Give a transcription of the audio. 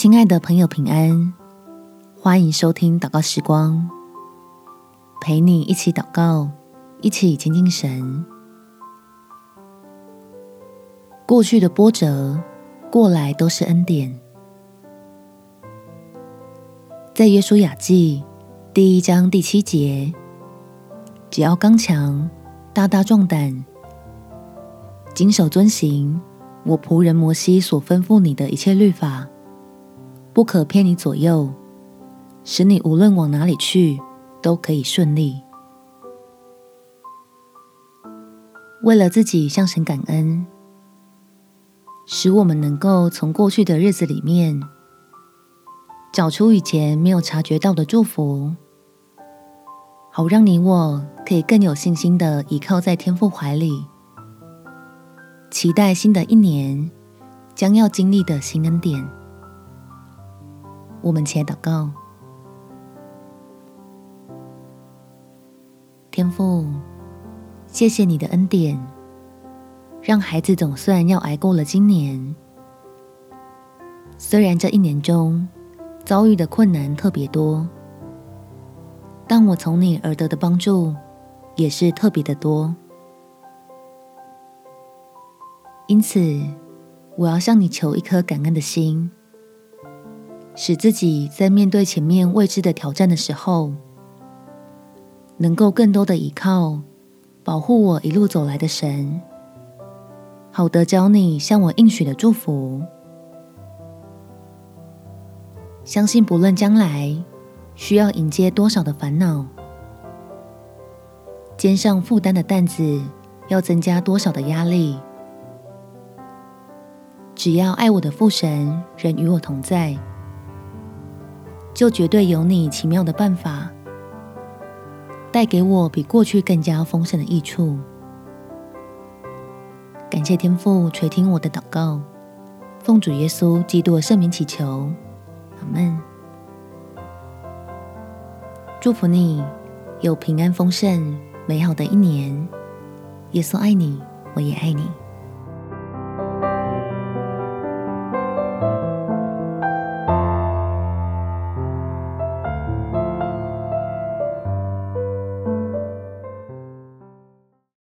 親愛的朋友，平安！歡迎收聽禱告時光，陪你一起禱告，一起親近神。過去的波折，過來都是恩典。在《約書亞記》第一章第七節，只要剛強，大大壯膽，謹守遵行我僕人摩西所吩咐你的一切律法。不可偏離左右，使你無論往哪裡去都可以順利。為了自己向神感恩，使我們能夠從過去的日子裡面，找出以前沒有察覺到的祝福，好讓你我可以更有信心的依靠在天父懷裡，期待新的一年將要經歷的新恩典。我們前來禱告，天父，謝謝你的恩典，讓孩子總算要挨過了今年。雖然這一年中遭遇的困難特別多，但我從你而得的幫助也是特別的多。因此，我要向你求一顆感恩的心。使自己在面對前面未知的挑戰的時候，能夠更多的依靠保護我一路走來的神，好得教你向我應許的祝福。相信不論將來需要迎接多少的煩惱，肩上負擔的擔子要增加多少的壓力，只要愛我的父神仍與我同在，就絕對有你奇妙的辦法，帶給我比過去更加豐盛的益處。感謝天父垂聽我的禱告，奉主耶穌基督的聖名祈求，阿門。祝福你有平安、豐盛、美好的一年。耶穌愛你，我也愛你。